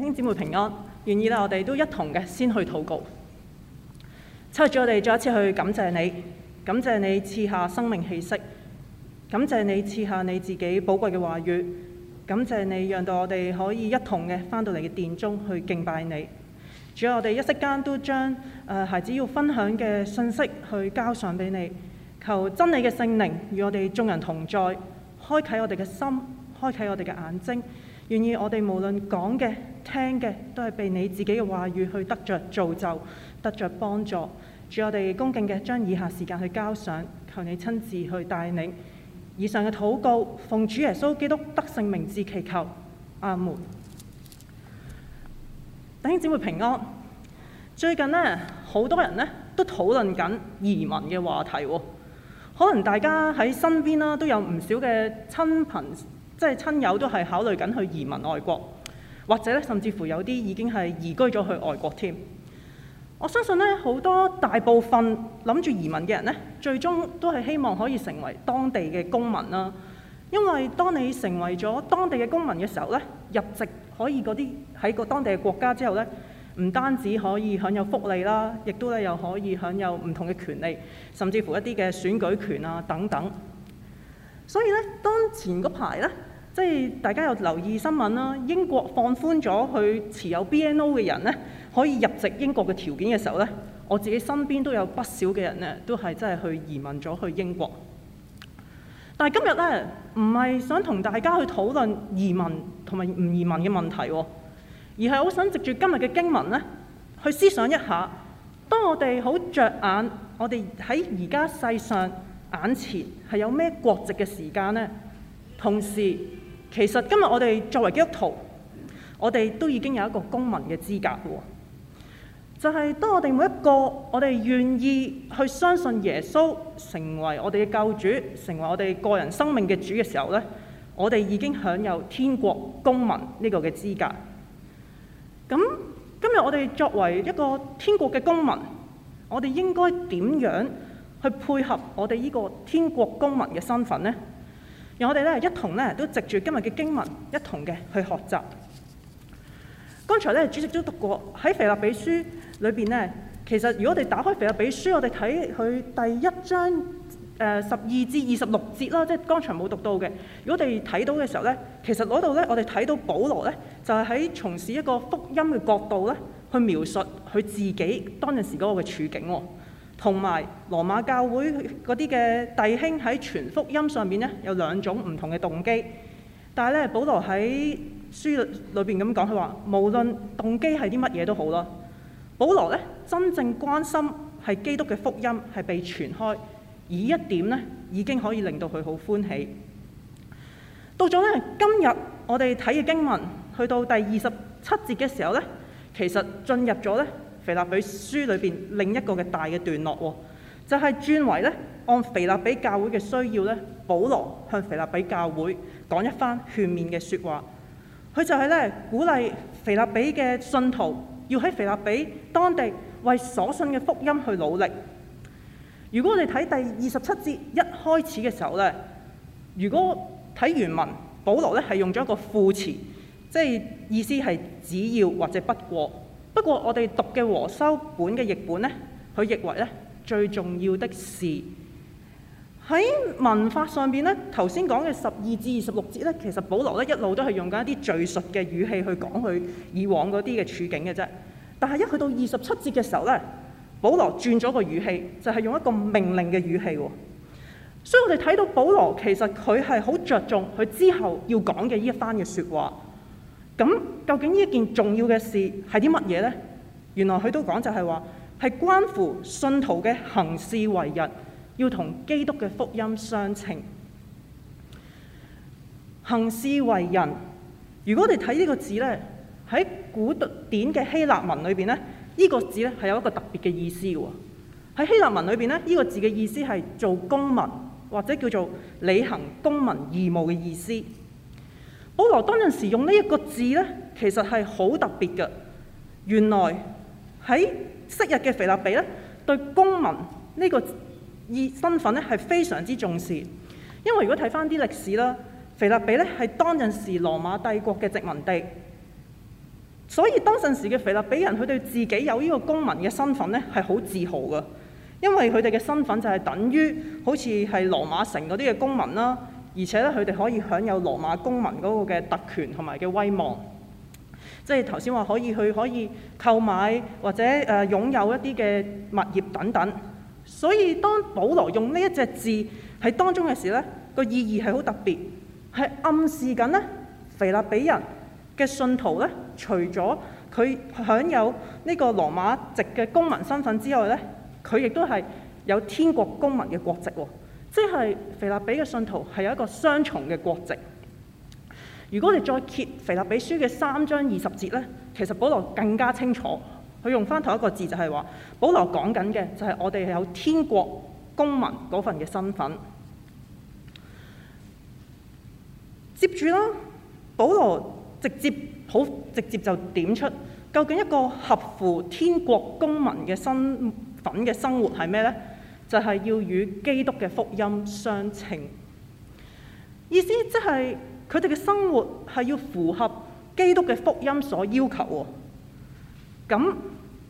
兄姊妹平安，願意咧，我哋都一同嘅先去禱告。七咗我哋再一次去感謝你，感謝你賜下生命氣息，感謝你賜下你自己寶貴嘅話語，感謝你讓到我哋可以一同嘅翻到嚟你嘅殿中去敬拜你。主啊，我哋一息間都將、呃、孩子要分享嘅信息去交上俾你。求真理嘅聖靈與我哋眾人同在，開啟我哋嘅心，開啟我哋嘅眼睛。願意我哋無論講嘅。聽嘅都係被你自己嘅話語去得着造就，得着幫助。主我哋恭敬嘅，將以下時間去交上，求你親自去帶領。以上嘅禱告，奉主耶穌基督得勝名字祈求，阿門。弟兄姊妹平安。最近呢，好多人呢都討論緊移民嘅話題。可能大家喺身邊啦，都有唔少嘅親朋，即係親友都係考慮緊去移民外國。或者咧，甚至乎有啲已經係移居咗去外國添。我相信咧，好多大部分諗住移民嘅人咧，最終都係希望可以成為當地嘅公民啦、啊。因為當你成為咗當地嘅公民嘅時候咧，入籍可以嗰啲喺個當地嘅國家之後咧，唔單止可以享有福利啦、啊，亦都咧又可以享有唔同嘅權利，甚至乎一啲嘅選舉權啊等等。所以咧，當前嗰排咧。即係大家有留意新聞啦，英國放寬咗去持有 BNO 嘅人咧，可以入籍英國嘅條件嘅時候咧，我自己身邊都有不少嘅人咧，都係真係去移民咗去英國。但係今日咧，唔係想同大家去討論移民同埋唔移民嘅問題，而係我想藉住今日嘅經文咧，去思想一下，當我哋好着眼，我哋喺而家世上眼前係有咩國籍嘅時間咧，同時。其實今日我哋作為基督徒，我哋都已經有一個公民嘅資格喎。就係當我哋每一個我哋願意去相信耶穌成為我哋嘅救主，成為我哋個人生命嘅主嘅時候呢，我哋已經享有天國公民呢個嘅資格。咁今日我哋作為一個天國嘅公民，我哋應該點樣去配合我哋呢個天國公民嘅身份呢？我哋咧一同咧都藉住今日嘅經文，一同嘅去學習。剛才咧主席都讀過喺《腓立比書》裏邊咧，其實如果我哋打開《腓立比書》，我哋睇佢第一章誒十二至二十六節啦，即係剛才冇讀到嘅。如果我哋睇到嘅時候咧，其實嗰度咧，我哋睇到保羅咧，就係喺從事一個福音嘅角度咧，去描述佢自己當陣時嗰個嘅處境喎。同埋羅馬教會嗰啲嘅弟兄喺傳福音上面咧有兩種唔同嘅動機，但係咧保羅喺書裏邊咁講，佢話無論動機係啲乜嘢都好咯，保羅咧真正關心係基督嘅福音係被傳開，而一點咧已經可以令到佢好歡喜。到咗咧今日我哋睇嘅經文，去到第二十七節嘅時候咧，其實進入咗咧。腓立比書裏邊另一個嘅大嘅段落，就係、是、轉為咧，按腓立比教會嘅需要咧，保羅向腓立比教會講一番勸勉嘅説話。佢就係咧鼓勵腓立比嘅信徒要喺腓立比當地為所信嘅福音去努力。如果我哋睇第二十七節一開始嘅時候咧，如果睇原文，保羅咧係用咗一個副詞，即係意思係只要或者不過。不過我哋讀嘅和修本嘅譯本咧，佢譯為咧，最重要的是。喺文法上邊咧，頭先講嘅十二至二十六節咧，其實保羅咧一路都係用緊一啲敘述嘅語氣去講佢以往嗰啲嘅處境嘅啫。但係一去到二十七節嘅時候咧，保羅轉咗個語氣，就係、是、用一個命令嘅語氣。所以我哋睇到保羅其實佢係好着重佢之後要講嘅呢一番嘅説話。咁究竟呢一件重要嘅事係啲乜嘢呢？原來佢都講就係話，係關乎信徒嘅行事為人，要同基督嘅福音相稱。行事為人，如果我哋睇呢個字呢，喺古典嘅希臘文裏邊呢，呢、呢個字呢，係有一個特別嘅意思嘅。喺希臘文裏邊呢，呢、呢個字嘅意思係做公民或者叫做履行公民義務嘅意思。保羅當陣時用呢一個字呢，其實係好特別嘅。原來喺昔日嘅腓立比呢，對公民呢個身份呢係非常之重視。因為如果睇翻啲歷史啦，腓立比呢係當陣時羅馬帝國嘅殖民地，所以當陣時嘅腓立比人佢對自己有呢個公民嘅身份呢係好自豪嘅，因為佢哋嘅身份就係等於好似係羅馬城嗰啲嘅公民啦。而且咧，佢哋可以享有羅馬公民嗰個嘅特權同埋嘅威望，即係頭先話可以去可以購買或者誒擁有一啲嘅物業等等。所以當保羅用呢一隻字喺當中嘅時，咧、那，個意義係好特別，係暗示緊呢，腓立比人嘅信徒咧，除咗佢享有呢個羅馬籍嘅公民身份之外咧，佢亦都係有天國公民嘅國籍，哦即係腓立比嘅信徒係有一個雙重嘅國籍。如果你再揭腓立比書嘅三章二十節咧，其實保羅更加清楚，佢用翻同一個字就係話：保羅講緊嘅就係我哋係有天國公民嗰份嘅身份。接住啦，保羅直接好直接就點出，究竟一個合乎天國公民嘅身份嘅生活係咩咧？就係要與基督嘅福音相稱，意思即係佢哋嘅生活係要符合基督嘅福音所要求喎。咁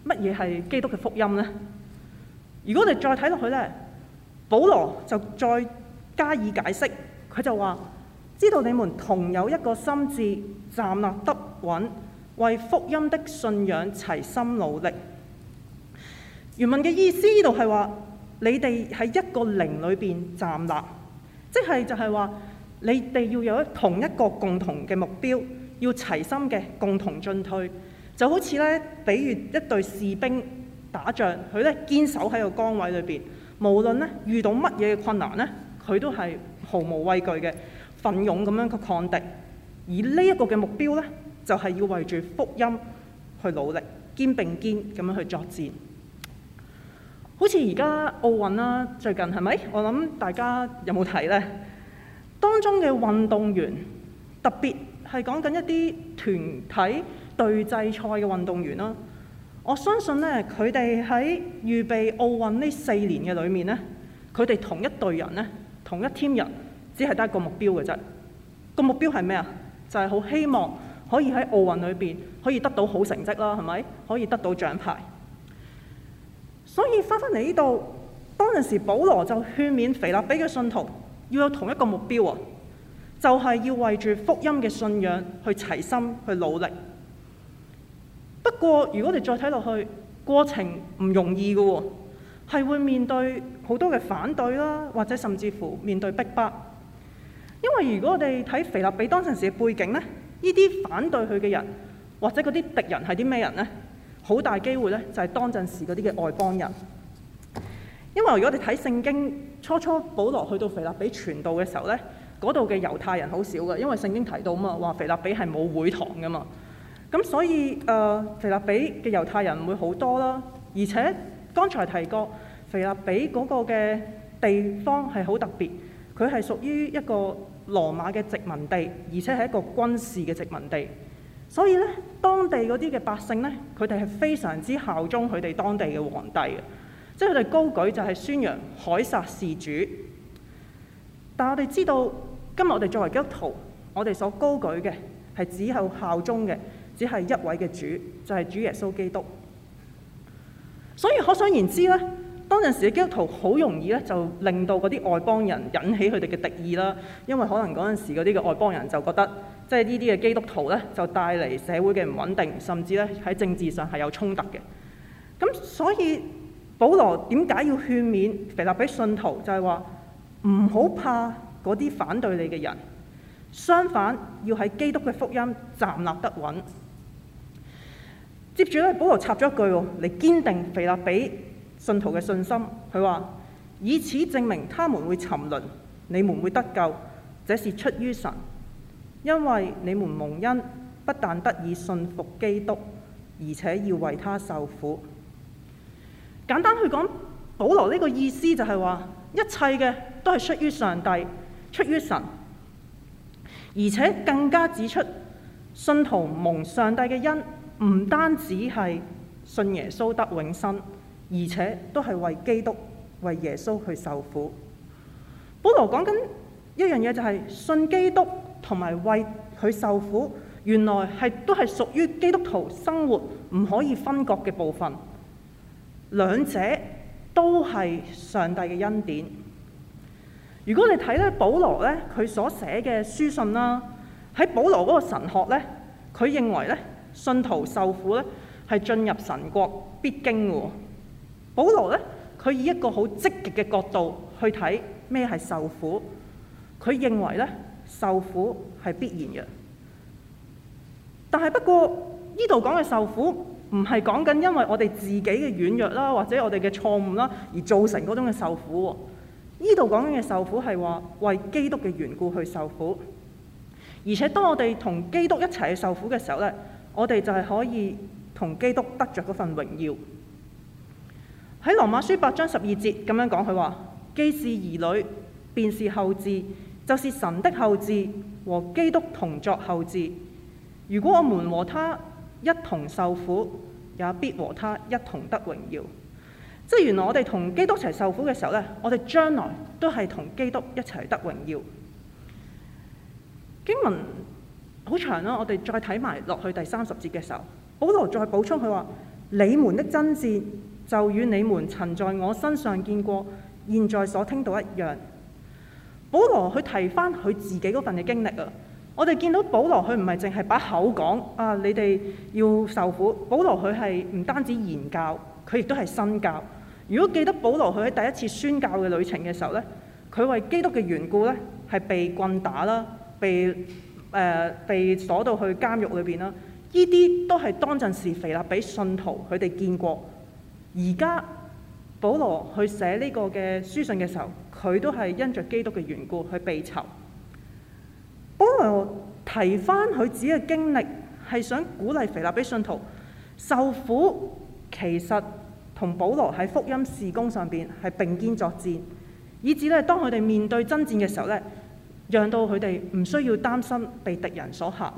乜嘢係基督嘅福音呢？如果我哋再睇落去咧，保羅就再加以解釋，佢就話：知道你們同有一個心志，站立得穩，為福音的信仰齊心努力。原文嘅意思呢度係話。你哋喺一個靈裏邊站立，即係就係話你哋要有同一個共同嘅目標，要齊心嘅共同進退。就好似咧，比如一隊士兵打仗，佢咧堅守喺個崗位裏邊，無論咧遇到乜嘢困難咧，佢都係毫無畏懼嘅，奮勇咁樣去抗敵。而呢一個嘅目標咧，就係、是、要為住福音去努力，肩並肩咁樣去作戰。好似而家奧運啦，最近係咪？我諗大家有冇睇呢？當中嘅運動員，特別係講緊一啲團體隊際賽嘅運動員啦。我相信呢，佢哋喺預備奧運呢四年嘅裡面呢，佢哋同一隊人呢，同一 team 人，只係得一個目標嘅啫。個目標係咩啊？就係、是、好希望可以喺奧運裏邊可以得到好成績啦，係咪？可以得到獎牌。所以翻返嚟呢度，當陣時保羅就勸勉腓立比嘅信徒要有同一個目標啊，就係要為住福音嘅信仰去齊心去努力。不過，如果你再睇落去，過程唔容易嘅喎，係會面對好多嘅反對啦，或者甚至乎面對逼迫。因為如果我哋睇腓立比當陣時嘅背景呢，呢啲反對佢嘅人或者嗰啲敵人係啲咩人呢？好大機會咧，就係當陣時嗰啲嘅外邦人，因為如果我哋睇聖經，初初保羅去到腓立比傳道嘅時候咧，嗰度嘅猶太人好少㗎，因為聖經提到啊嘛，話腓立比係冇會堂㗎嘛，咁所以誒，腓立比嘅猶太人唔會好多啦。而且剛才提過，腓立比嗰個嘅地方係好特別，佢係屬於一個羅馬嘅殖民地，而且係一個軍事嘅殖民地。所以咧，當地嗰啲嘅百姓咧，佢哋係非常之效忠佢哋當地嘅皇帝嘅，即係佢哋高舉就係宣揚凱撒是主。但我哋知道，今日我哋作為基督徒，我哋所高舉嘅係只有效忠嘅，只係一位嘅主，就係主耶穌基督。所以可想而知咧。當陣時嘅基督徒好容易咧，就令到嗰啲外邦人引起佢哋嘅敵意啦。因為可能嗰陣時嗰啲嘅外邦人就覺得，即係呢啲嘅基督徒咧就帶嚟社會嘅唔穩定，甚至咧喺政治上係有衝突嘅。咁所以保羅點解要勸勉腓立比信徒，就係話唔好怕嗰啲反對你嘅人，相反要喺基督嘅福音站立得穩。接住咧，保羅插咗一句喎，嚟堅定腓立比信徒嘅信心，佢話，以此證明他們會沉淪，你們會得救，這是出於神，因為你們蒙恩不但得以信服基督，而且要為他受苦。簡單去講，保羅呢個意思就係話一切嘅都係出於上帝，出於神，而且更加指出信徒蒙上帝嘅恩，唔單止係信耶穌得永生。而且都係為基督、為耶穌去受苦。保羅講緊一樣嘢，就是，就係信基督同埋為佢受苦，原來係都係屬於基督徒生活唔可以分割嘅部分。兩者都係上帝嘅恩典。如果你睇咧保羅咧，佢所寫嘅書信啦，喺保羅嗰個神學咧，佢認為咧信徒受苦咧係進入神國必經嘅。保羅咧，佢以一個好積極嘅角度去睇咩係受苦，佢認為咧受苦係必然嘅。但係不過呢度講嘅受苦唔係講緊因為我哋自己嘅軟弱啦，或者我哋嘅錯誤啦而造成嗰種嘅受苦。呢度講緊嘅受苦係話為基督嘅緣故去受苦，而且當我哋同基督一齊受苦嘅時候咧，我哋就係可以同基督得着嗰份榮耀。喺《羅馬書》八章十二節咁樣講，佢話既是兒女，便是後嗣，就是神的後嗣，和基督同作後嗣。如果我們和他一同受苦，也必和他一同得榮耀。即係原來我哋同基督一齊受苦嘅時候呢，我哋將來都係同基督一齊得榮耀。經文好長啦，我哋再睇埋落去第三十節嘅時候，保羅再補充佢話你們的真摯，就與你們曾在我身上見過，現在所聽到一樣。保羅佢提翻佢自己嗰份嘅經歷啊！我哋見到保羅佢唔係淨係把口講啊，你哋要受苦。保羅佢係唔單止言教，佢亦都係身教。如果記得保羅佢喺第一次宣教嘅旅程嘅時候呢，佢為基督嘅緣故呢，係被棍打啦，被誒、呃、被鎖到去監獄裏邊啦。呢啲都係當陣時腓立比信徒佢哋見過。而家保羅去寫呢個嘅書信嘅時候，佢都係因着基督嘅緣故去被囚。保羅提翻佢自己嘅經歷，係想鼓勵腓立比信徒，受苦其實同保羅喺福音事工上邊係並肩作戰，以至咧當佢哋面對爭戰嘅時候咧，讓到佢哋唔需要擔心被敵人所嚇。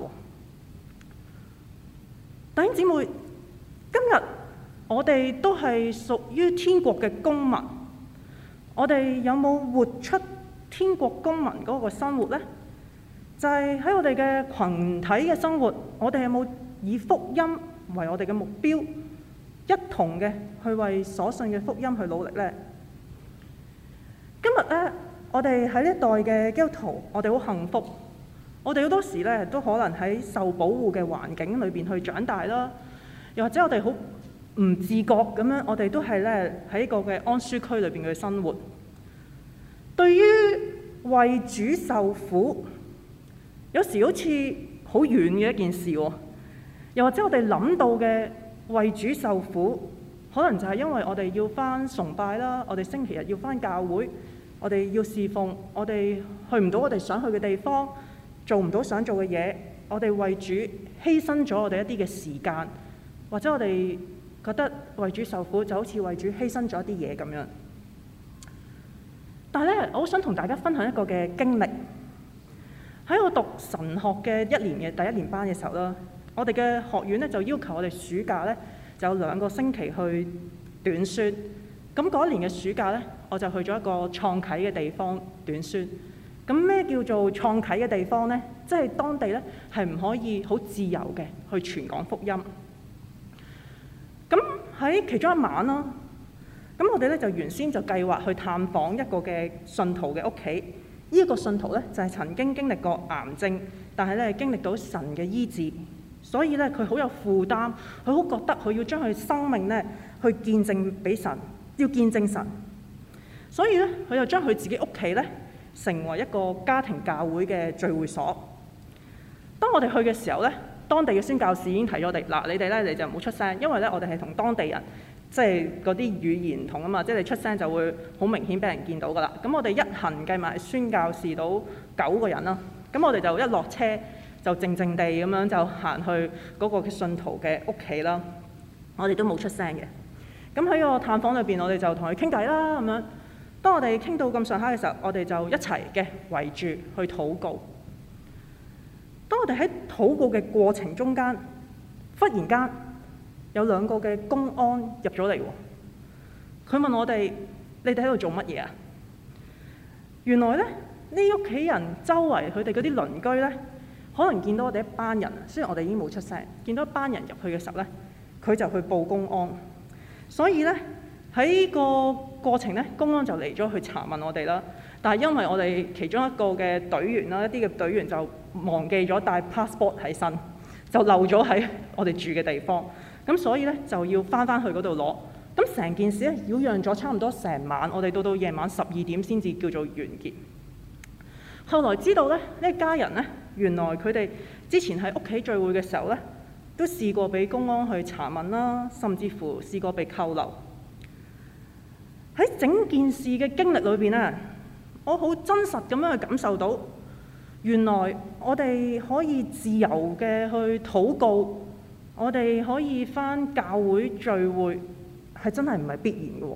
弟兄姊妹，今日。我哋都係屬於天國嘅公民，我哋有冇活出天國公民嗰個生活呢？就係喺我哋嘅群體嘅生活，我哋有冇以福音為我哋嘅目標，一同嘅去為所信嘅福音去努力呢？今日咧，我哋喺呢一代嘅基督徒，我哋好幸福，我哋好多時咧都可能喺受保護嘅環境裏邊去長大啦，又或者我哋好。唔自覺咁樣，我哋都係咧喺一個嘅安舒區裏邊嘅生活。對於為主受苦，有時好似好遠嘅一件事。又或者我哋諗到嘅為主受苦，可能就係因為我哋要返崇拜啦，我哋星期日要返教會，我哋要侍奉，我哋去唔到我哋想去嘅地方，做唔到想做嘅嘢，我哋為主犧牲咗我哋一啲嘅時間，或者我哋。覺得為主受苦就好似為主犧牲咗啲嘢咁樣，但係咧，我好想同大家分享一個嘅經歷。喺我讀神學嘅一年嘅第一年班嘅時候啦，我哋嘅學院咧就要求我哋暑假咧就有兩個星期去短宣。咁嗰一年嘅暑假咧，我就去咗一個創啟嘅地方短宣。咁咩叫做創啟嘅地方咧？即係當地咧係唔可以好自由嘅去傳講福音。咁喺其中一晚啦，咁我哋咧就原先就計劃去探訪一個嘅信徒嘅屋企。呢個信徒咧就係曾經經歷過癌症，但係咧經歷到神嘅醫治，所以咧佢好有負擔，佢好覺得佢要將佢生命咧去見證俾神，要見證神。所以咧，佢就將佢自己屋企咧成為一個家庭教會嘅聚會所。當我哋去嘅時候咧，當地嘅宣教士已經提咗我哋，嗱你哋咧你就唔好出聲，因為咧我哋係同當地人，即係嗰啲語言唔同啊嘛，即係你出聲就會好明顯俾人見到噶啦。咁我哋一行計埋宣教士到九個人啦，咁我哋就一落車就靜靜地咁樣就行去嗰個信徒嘅屋企啦。我哋都冇出聲嘅，咁喺個探訪裏邊我哋就同佢傾偈啦，咁樣。當我哋傾到咁上下嘅時候，我哋就一齊嘅圍住去禱告。當我哋喺禱告嘅過程中間，忽然間有兩個嘅公安入咗嚟。佢問我哋：你哋喺度做乜嘢啊？原來咧，呢屋企人周圍佢哋嗰啲鄰居咧，可能見到我哋一班人。雖然我哋已經冇出聲，見到一班人入去嘅時候咧，佢就去報公安。所以咧，喺個過程咧，公安就嚟咗去查問我哋啦。但係因為我哋其中一個嘅隊員啦，一啲嘅隊員就。忘記咗帶 passport 喺身，就漏咗喺我哋住嘅地方。咁所以咧就要返返去嗰度攞。咁成件事咧擾攘咗差唔多成晚，我哋到到夜晚十二點先至叫做完結。後來知道咧，呢一家人咧，原來佢哋之前喺屋企聚會嘅時候咧，都試過俾公安去查問啦，甚至乎試過被扣留。喺整件事嘅經歷裏邊咧，我好真實咁樣去感受到。原來我哋可以自由嘅去禱告，我哋可以翻教會聚會，係真係唔係必然嘅。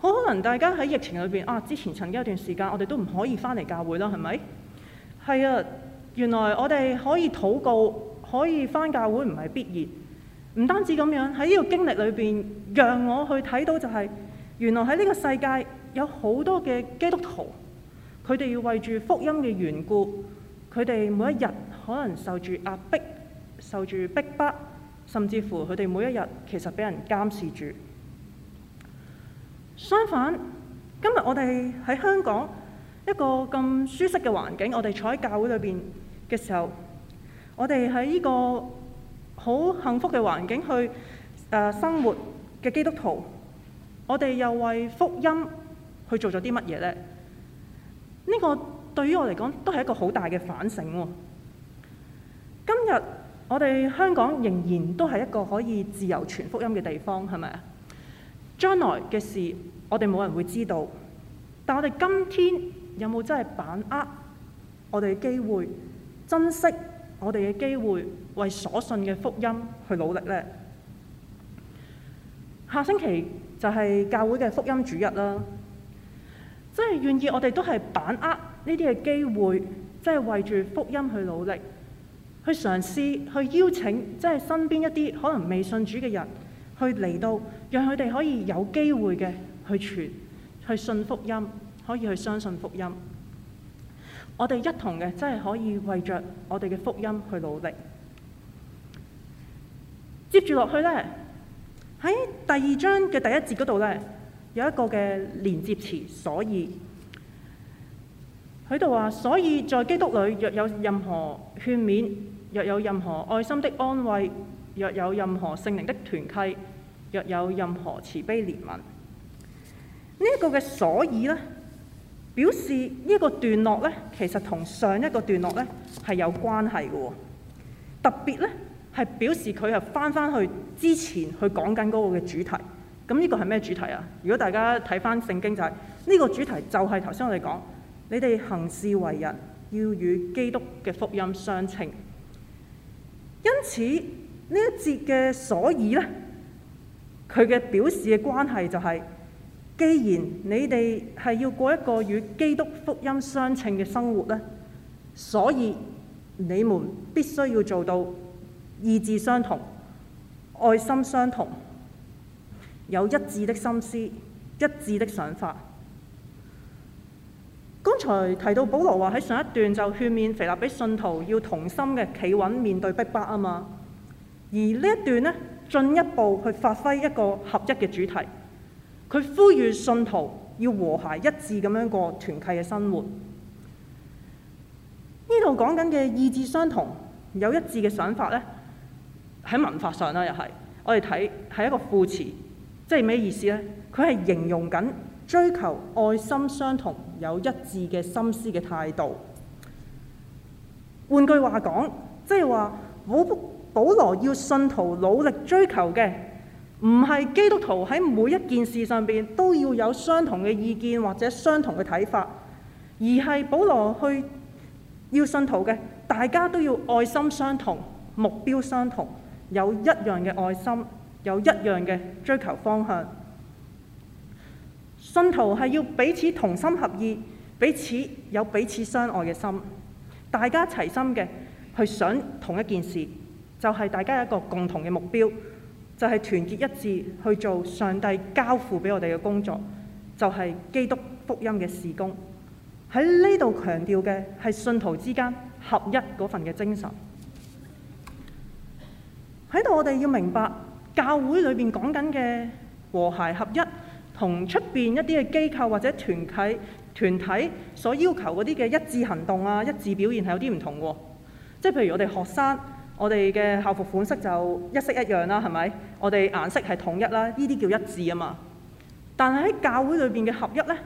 好可能大家喺疫情裏邊啊，之前曾經有段時間我哋都唔可以翻嚟教會啦，係咪？係啊，原來我哋可以禱告，可以翻教會唔係必然。唔單止咁樣，喺呢個經歷裏邊，讓我去睇到就係原來喺呢個世界有好多嘅基督徒。佢哋要為住福音嘅緣故，佢哋每一日可能受住壓迫、受住逼迫，迫，甚至乎佢哋每一日其實俾人監視住。相反，今日我哋喺香港一個咁舒適嘅環境，我哋坐喺教會裏邊嘅時候，我哋喺呢個好幸福嘅環境去誒生活嘅基督徒，我哋又為福音去做咗啲乜嘢呢？呢個對於我嚟講都係一個好大嘅反省喎。今日我哋香港仍然都係一個可以自由傳福音嘅地方，係咪啊？將來嘅事我哋冇人會知道，但我哋今天有冇真係把握我哋嘅機會，珍惜我哋嘅機會，為所信嘅福音去努力呢？下星期就係教會嘅福音主日啦。即係願意，我哋都係把握呢啲嘅機會，即係為住福音去努力，去嘗試去邀請，即係身邊一啲可能未信主嘅人，去嚟到，讓佢哋可以有機會嘅去傳，去信福音，可以去相信福音。我哋一同嘅，真係可以為着我哋嘅福音去努力。接住落去咧，喺第二章嘅第一節嗰度咧。有一個嘅連接詞，所以喺度話，所以在基督裏，若有任何勸勉，若有任何愛心的安慰，若有任何聖靈的團契，若有任何慈悲憐憫，呢、這、一個嘅所以咧，表示呢一個段落呢其實同上一個段落呢係有關係嘅，特別呢係表示佢係翻翻去之前去講緊嗰個嘅主題。咁呢個係咩主題啊？如果大家睇翻聖經，就係呢個主題就係頭先我哋講，你哋行事為人要與基督嘅福音相稱。因此呢一節嘅所以呢，佢嘅表示嘅關係就係，既然你哋係要過一個與基督福音相稱嘅生活呢，所以你們必須要做到意志相同、愛心相同。有一致的心思，一致的想法。剛才提到保羅話，喺上一段就勸勉腓立比信徒要同心嘅企穩面對逼迫啊嘛。而呢一段呢，進一步去發揮一個合一嘅主題，佢呼籲信徒要和諧一致咁樣過團契嘅生活。呢度講緊嘅意志相同，有一致嘅想法呢，喺文法上啦，又係我哋睇係一個副詞。即係咩意思呢？佢係形容緊追求愛心相同、有一致嘅心思嘅態度。換句話講，即係話保保羅要信徒努力追求嘅，唔係基督徒喺每一件事上邊都要有相同嘅意見或者相同嘅睇法，而係保羅去要信徒嘅，大家都要愛心相同、目標相同、有一樣嘅愛心。有一樣嘅追求方向，信徒係要彼此同心合意，彼此有彼此相愛嘅心，大家齊心嘅去想同一件事，就係大家一個共同嘅目標，就係團結一致去做上帝交付俾我哋嘅工作，就係基督福音嘅事工。喺呢度強調嘅係信徒之間合一嗰份嘅精神。喺度，我哋要明白。教會裏邊講緊嘅和諧合一，同出邊一啲嘅機構或者團契團體所要求嗰啲嘅一致行動啊、一致表現係有啲唔同嘅。即係譬如我哋學生，我哋嘅校服款式就一式一樣啦，係咪？我哋顏色係統一啦，呢啲叫一致啊嘛。但係喺教會裏邊嘅合一呢，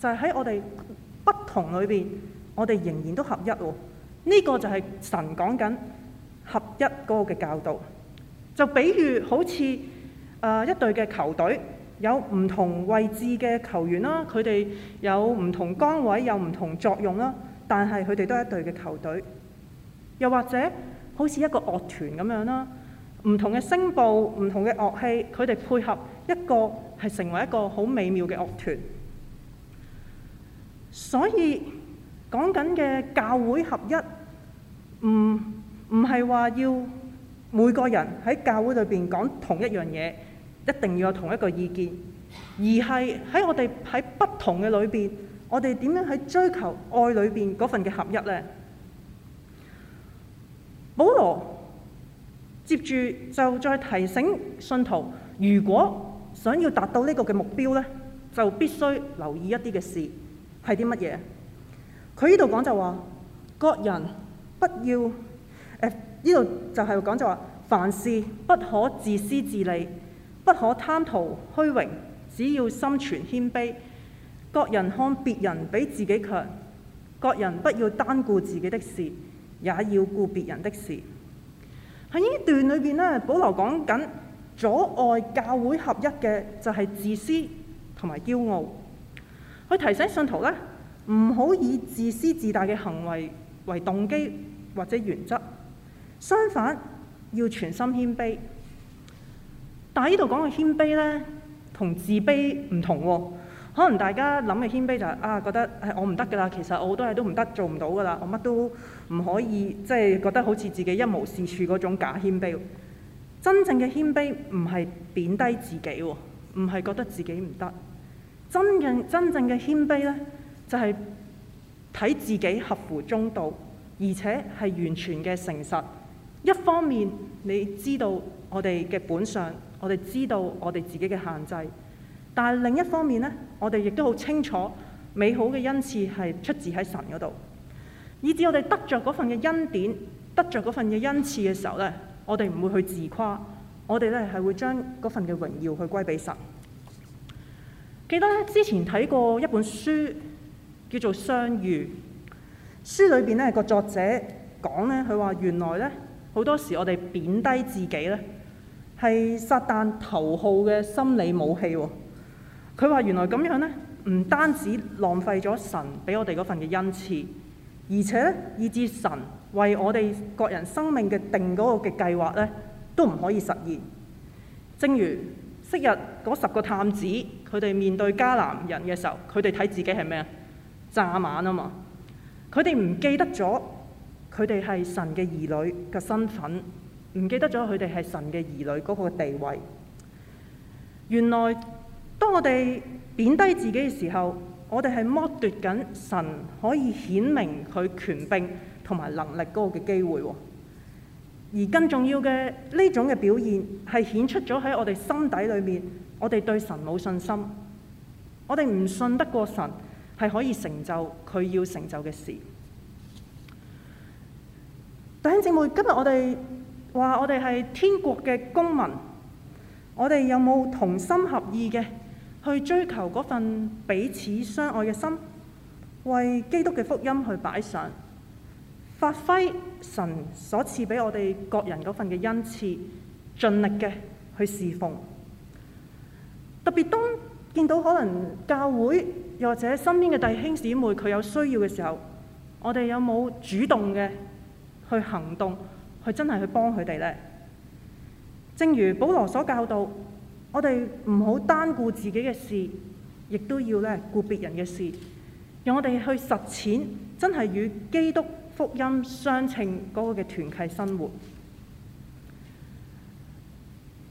就係、是、喺我哋不同裏邊，我哋仍然都合一喎。呢、這個就係神講緊合一嗰個嘅教導。就比如好似啊、呃、一隊嘅球隊有唔同位置嘅球員啦，佢哋有唔同崗位有唔同作用啦，但係佢哋都係一隊嘅球隊。又或者好似一個樂團咁樣啦，唔同嘅聲部、唔同嘅樂器，佢哋配合一個係成為一個好美妙嘅樂團。所以講緊嘅教會合一，唔唔係話要。每個人喺教會裏邊講同一樣嘢，一定要有同一個意見，而係喺我哋喺不同嘅裏邊，我哋點樣去追求愛裏邊嗰份嘅合一呢？保羅接住就再提醒信徒，如果想要達到呢個嘅目標呢，就必須留意一啲嘅事係啲乜嘢？佢呢度講就話，各人不要、呃呢度就係講就話，凡事不可自私自利，不可貪圖虛榮。只要心存謙卑，各人看別人比自己強，各人不要單顧自己的事，也要顧別人的事。喺呢段裏邊咧，保羅講緊阻礙教會合一嘅就係自私同埋驕傲。佢提醒信徒呢，唔好以自私自大嘅行為為動機或者原則。相反，要存心謙卑。但係呢度講嘅謙卑呢，同自卑唔同、哦。可能大家諗嘅謙卑就係、是、啊，覺得、哎、我唔得㗎喇，其實我好多嘢都唔得，做唔到㗎喇，我乜都唔可以，即、就、係、是、覺得好似自己一無是處嗰種假謙卑。真正嘅謙卑唔係貶低自己、哦，唔係覺得自己唔得。真正真正嘅謙卑呢，就係、是、睇自己合乎中道，而且係完全嘅誠實。一方面，你知道我哋嘅本相，我哋知道我哋自己嘅限制。但係另一方面呢，我哋亦都好清楚美好嘅恩賜係出自喺神嗰度。以至我哋得着嗰份嘅恩典，得着嗰份嘅恩賜嘅時候呢，我哋唔會去自誇，我哋咧係會將嗰份嘅榮耀去歸俾神。記得咧，之前睇過一本書叫做《相遇》，書裏邊呢個作者講呢，佢話原來呢。好多時我哋貶低自己呢，係撒旦頭號嘅心理武器喎、哦。佢話原來咁樣呢，唔單止浪費咗神俾我哋嗰份嘅恩賜，而且呢，以致神為我哋各人生命嘅定嗰個嘅計劃呢，都唔可以實現。正如昔日嗰十個探子，佢哋面對迦南人嘅時候，佢哋睇自己係咩啊？蚱蜢啊嘛。佢哋唔記得咗。佢哋係神嘅兒女嘅身份，唔記得咗佢哋係神嘅兒女嗰個地位。原來當我哋貶低自己嘅時候，我哋係剝奪緊神可以顯明佢權柄同埋能力嗰個嘅機會。而更重要嘅呢種嘅表現，係顯出咗喺我哋心底裏面，我哋對神冇信心，我哋唔信得過神係可以成就佢要成就嘅事。弟兄姊妹，今日我哋話我哋係天國嘅公民，我哋有冇同心合意嘅去追求嗰份彼此相愛嘅心，為基督嘅福音去擺上，發揮神所賜俾我哋各人嗰份嘅恩賜，盡力嘅去侍奉。特別當見到可能教會又或者身邊嘅弟兄姊妹，佢有需要嘅時候，我哋有冇主動嘅去行動，去真係去幫佢哋呢？正如保羅所教導，我哋唔好單顧自己嘅事，亦都要咧顧別人嘅事，讓我哋去實踐真係與基督福音相稱嗰個嘅團契生活。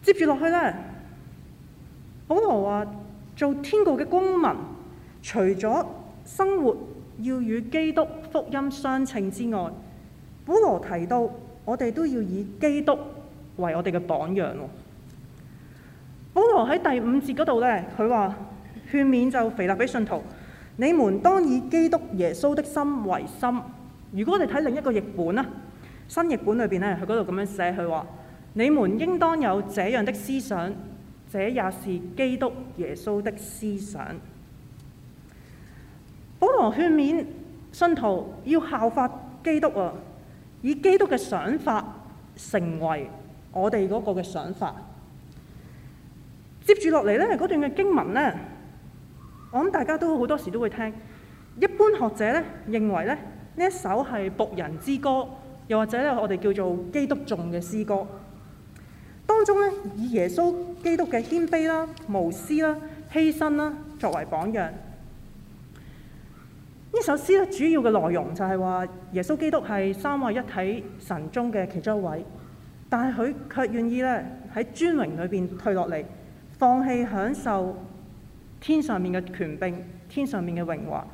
接住落去呢，保羅話：做天國嘅公民，除咗生活要與基督福音相稱之外，保羅提到，我哋都要以基督為我哋嘅榜樣。保羅喺第五節嗰度呢，佢話勸勉就腓立比信徒：你們當以基督耶穌的心為心。如果你睇另一個譯本啊，新譯本裏邊呢，佢嗰度咁樣寫，佢話：你們應當有這樣的思想，這也是基督耶穌的思想。保羅勸勉信徒要效法基督啊！以基督嘅想法成為我哋嗰個嘅想法。接住落嚟咧，嗰段嘅經文咧，我諗大家都好多時都會聽。一般學者咧，認為咧，呢一首係僕人之歌，又或者咧我哋叫做基督頌嘅詩歌，當中咧以耶穌基督嘅謙卑啦、無私啦、犧牲啦作為榜樣。呢首詩咧主要嘅內容就係話耶穌基督係三位一體神中嘅其中一位，但係佢卻願意咧喺尊榮裏邊退落嚟，放棄享受天上面嘅權柄、天上面嘅榮華，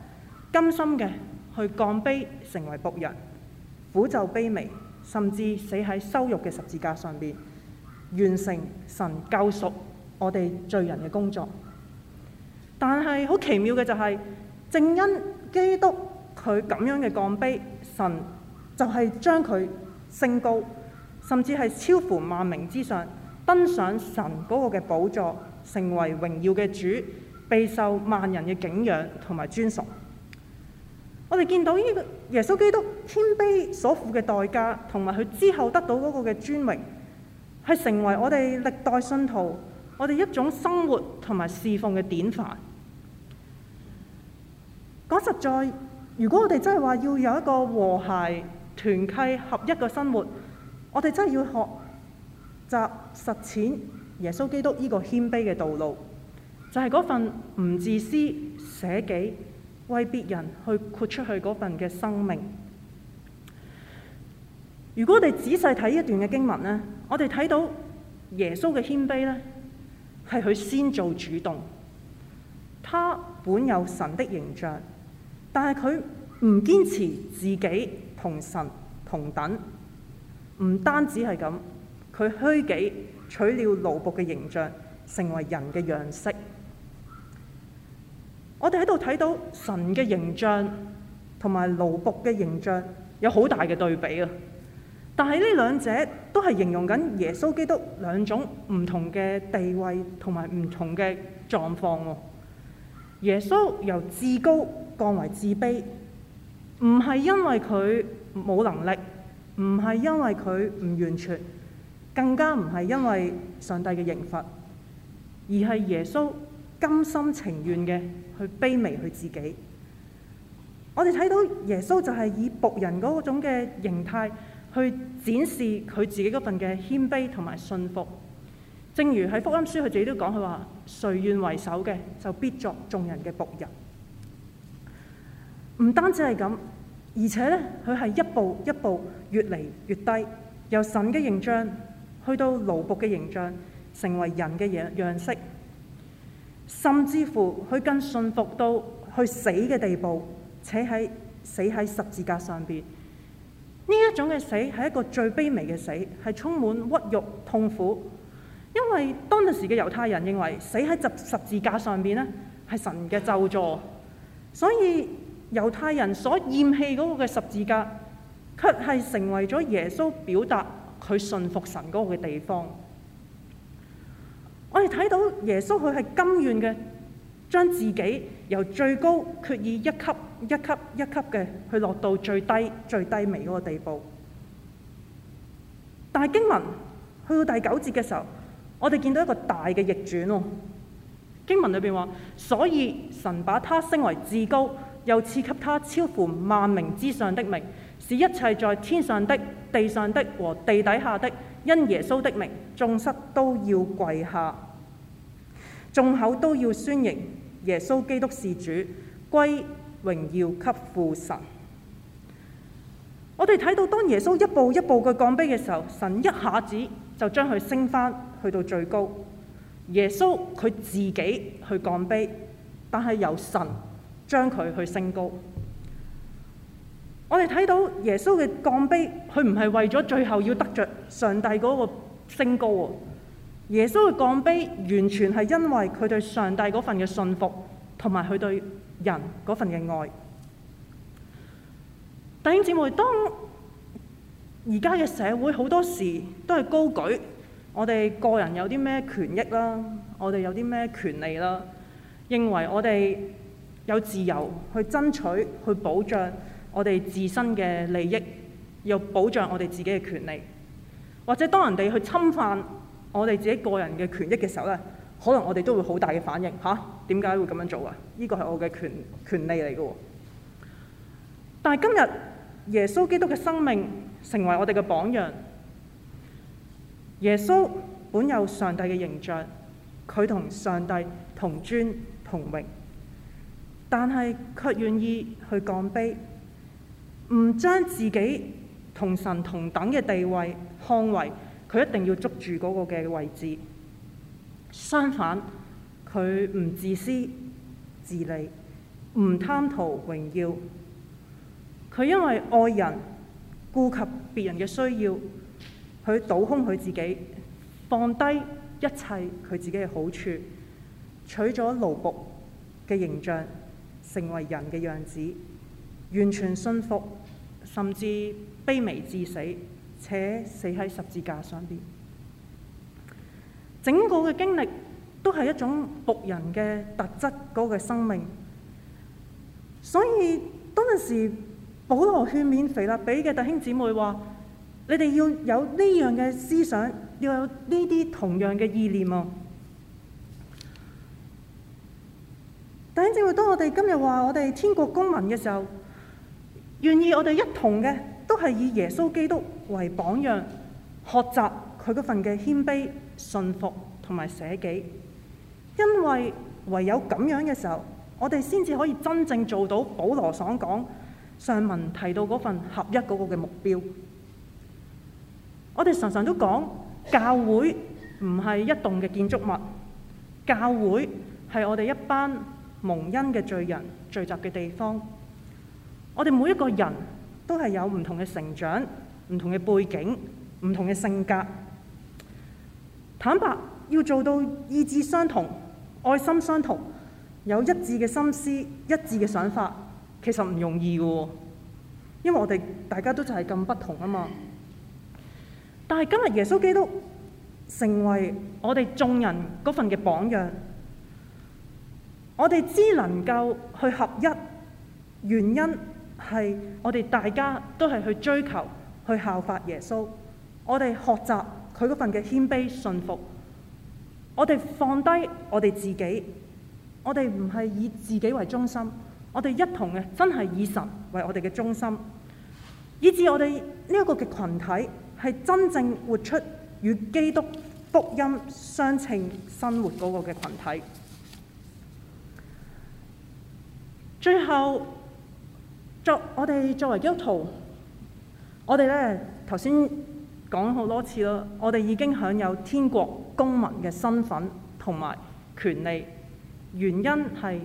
甘心嘅去降卑成為僕人，苦就卑微，甚至死喺羞辱嘅十字架上邊，完成神救贖我哋罪人嘅工作。但係好奇妙嘅就係、是，正因基督佢咁樣嘅降卑，神就係將佢升高，甚至係超乎萬名之上，登上神嗰個嘅寶座，成為榮耀嘅主，備受萬人嘅敬仰同埋尊崇。我哋見到呢個耶穌基督謙卑所付嘅代價，同埋佢之後得到嗰個嘅尊榮，係成為我哋歷代信徒，我哋一種生活同埋侍奉嘅典範。講實在，如果我哋真係話要有一個和諧、團契、合一嘅生活，我哋真係要學習實踐耶穌基督呢個謙卑嘅道路，就係嗰份唔自私、捨己、為別人去豁出去嗰份嘅生命。如果我哋仔細睇一段嘅經文呢，我哋睇到耶穌嘅謙卑呢，係佢先做主動，他本有神的形象。但係佢唔堅持自己同神同等，唔單止係咁，佢虛己取了奴僕嘅形象，成為人嘅樣式。我哋喺度睇到神嘅形象同埋奴僕嘅形象有好大嘅對比啊！但係呢兩者都係形容緊耶穌基督兩種唔同嘅地位同埋唔同嘅狀況。耶穌由至高降為自卑，唔係因為佢冇能力，唔係因為佢唔完全，更加唔係因為上帝嘅刑罰，而係耶穌甘心情願嘅去卑微佢自己。我哋睇到耶穌就係以僕人嗰種嘅形態去展示佢自己嗰份嘅謙卑同埋信服。正如喺福音書佢自己都講，佢話，誰願為首嘅，就必作眾人嘅僕人。唔單止係咁，而且咧，佢係一步一步越嚟越低，由神嘅形象去到奴僕嘅形象，成為人嘅樣式，甚至乎佢更信服到去死嘅地步，且喺死喺十字架上邊。呢一種嘅死係一個最卑微嘅死，係充滿屈辱痛苦。因為當時嘅猶太人認為死喺十字架上邊呢，係神嘅咒詛，所以。猶太人所厭棄嗰個嘅十字架，却係成為咗耶穌表達佢信服神嗰個嘅地方。我哋睇到耶穌佢係甘願嘅，將自己由最高決意一級一級一級嘅去落到最低最低微嗰個地步。但係經文去到第九節嘅時候，我哋見到一個大嘅逆轉。經文裏邊話，所以神把他升為至高。又賜給他超乎萬名之上的名，是一切在天上的、地上的和地底下的，因耶穌的名，眾膝都要跪下，眾口都要宣認耶穌基督是主，歸榮耀給父神。我哋睇到當耶穌一步一步嘅降卑嘅時候，神一下子就將佢升翻去到最高。耶穌佢自己去降卑，但係由神。將佢去升高。我哋睇到耶穌嘅降卑，佢唔係為咗最後要得着上帝嗰個升高。耶穌嘅降卑完全係因為佢對上帝嗰份嘅信服，同埋佢對人嗰份嘅愛。弟兄姊妹，當而家嘅社會好多時都係高舉，我哋個人有啲咩權益啦，我哋有啲咩權利啦，認為我哋，有自由去爭取，去保障我哋自身嘅利益，又保障我哋自己嘅權利。或者當人哋去侵犯我哋自己個人嘅權益嘅時候咧，可能我哋都會好大嘅反應嚇。點解會咁樣做啊？呢個係我嘅權權利嚟嘅喎。但係今日耶穌基督嘅生命成為我哋嘅榜樣。耶穌本有上帝嘅形象，佢同上帝同尊同榮。但係卻願意去降卑，唔將自己同神同等嘅地位，看為佢一定要捉住嗰個嘅位置。相反，佢唔自私自利，唔貪圖榮耀。佢因為愛人顧及別人嘅需要，佢倒空佢自己，放低一切佢自己嘅好處，取咗奴僕嘅形象。成為人嘅樣子，完全順服，甚至卑微至死，且死喺十字架上邊。整個嘅經歷都係一種僕人嘅特質嗰、那個生命。所以當陣時，保羅勸勉腓立比嘅弟兄姊妹話：「你哋要有呢樣嘅思想，要有呢啲同樣嘅意念啊。但係正當我哋今日話我哋天國公民嘅時候，願意我哋一同嘅都係以耶穌基督為榜樣，學習佢嗰份嘅謙卑、信服同埋捨己。因為唯有咁樣嘅時候，我哋先至可以真正做到保羅所講上文提到嗰份合一嗰個嘅目標。我哋常常都講，教會唔係一棟嘅建築物，教會係我哋一班。蒙恩嘅罪人聚集嘅地方，我哋每一個人都係有唔同嘅成長、唔同嘅背景、唔同嘅性格。坦白要做到意志相同、愛心相同、有一致嘅心思、一致嘅想法，其實唔容易嘅，因為我哋大家都就係咁不同啊嘛。但係今日耶穌基督成為我哋眾人嗰份嘅榜樣。我哋只能夠去合一，原因係我哋大家都係去追求去效法耶穌，我哋學習佢嗰份嘅謙卑順服，我哋放低我哋自己，我哋唔係以自己為中心，我哋一同嘅真係以神為我哋嘅中心，以至我哋呢一個嘅群體係真正活出與基督福音相稱生活嗰個嘅群體。最後，作我哋作為基督徒，我哋呢頭先講好多次咯。我哋已經享有天國公民嘅身份同埋權利，原因係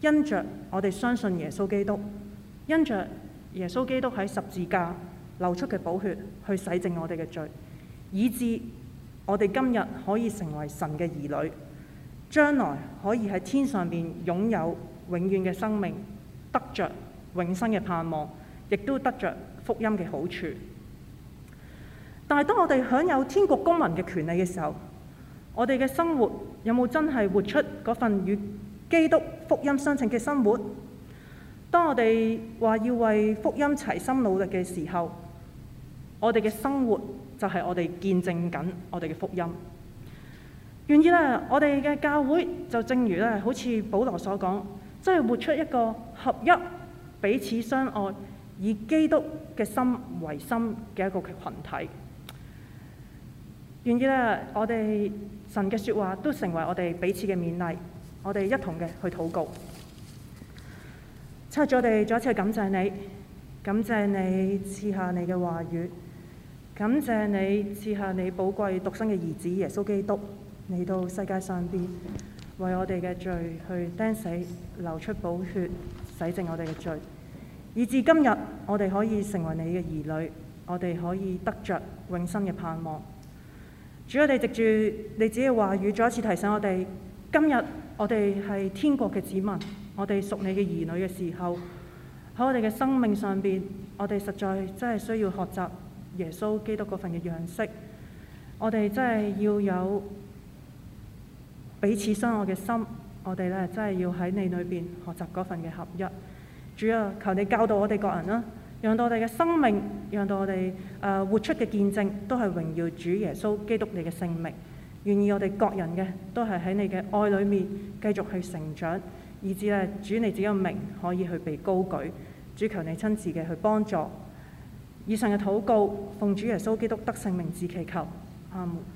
因着我哋相信耶穌基督，因着耶穌基督喺十字架流出嘅寶血去洗淨我哋嘅罪，以致我哋今日可以成為神嘅兒女，將來可以喺天上邊擁有永遠嘅生命，得着永生嘅盼望，亦都得着福音嘅好處。但係當我哋享有天國公民嘅權利嘅時候，我哋嘅生活有冇真係活出嗰份與基督福音相稱嘅生活？當我哋話要為福音齊心努力嘅時候，我哋嘅生活就係我哋見證緊我哋嘅福音。願意啦，我哋嘅教會就正如咧，好似保羅所講。真係活出一個合一、彼此相愛、以基督嘅心為心嘅一個群體。願意啦，我哋神嘅說話都成為我哋彼此嘅勉勵，我哋一同嘅去禱告。差咗，我哋再一次感謝你，感謝你賜下你嘅話語，感謝你賜下你寶貴獨生嘅兒子耶穌基督嚟到世界上邊，為我哋嘅罪去釘死，流出寶血洗淨我哋嘅罪，以至今日我哋可以成為你嘅兒女，我哋可以得着永生嘅盼望。主啊，我哋藉住你自己嘅話語再一次提醒我哋：今日我哋係天國嘅子民，我哋屬你嘅兒女嘅時候，喺我哋嘅生命上邊，我哋實在真係需要學習耶穌基督嗰份嘅樣式。我哋真係要有。彼此相愛嘅心，我哋咧真係要喺你裏邊學習嗰份嘅合一。主啊，求你教導我哋各人啦，讓到我哋嘅生命，讓到我哋誒、呃、活出嘅見證，都係榮耀主耶穌基督你嘅聖名。願意我哋各人嘅都係喺你嘅愛裏面繼續去成長，以至咧主你自己嘅名可以去被高舉。主求你親自嘅去幫助以上嘅禱告，奉主耶穌基督得勝名字祈求，阿門。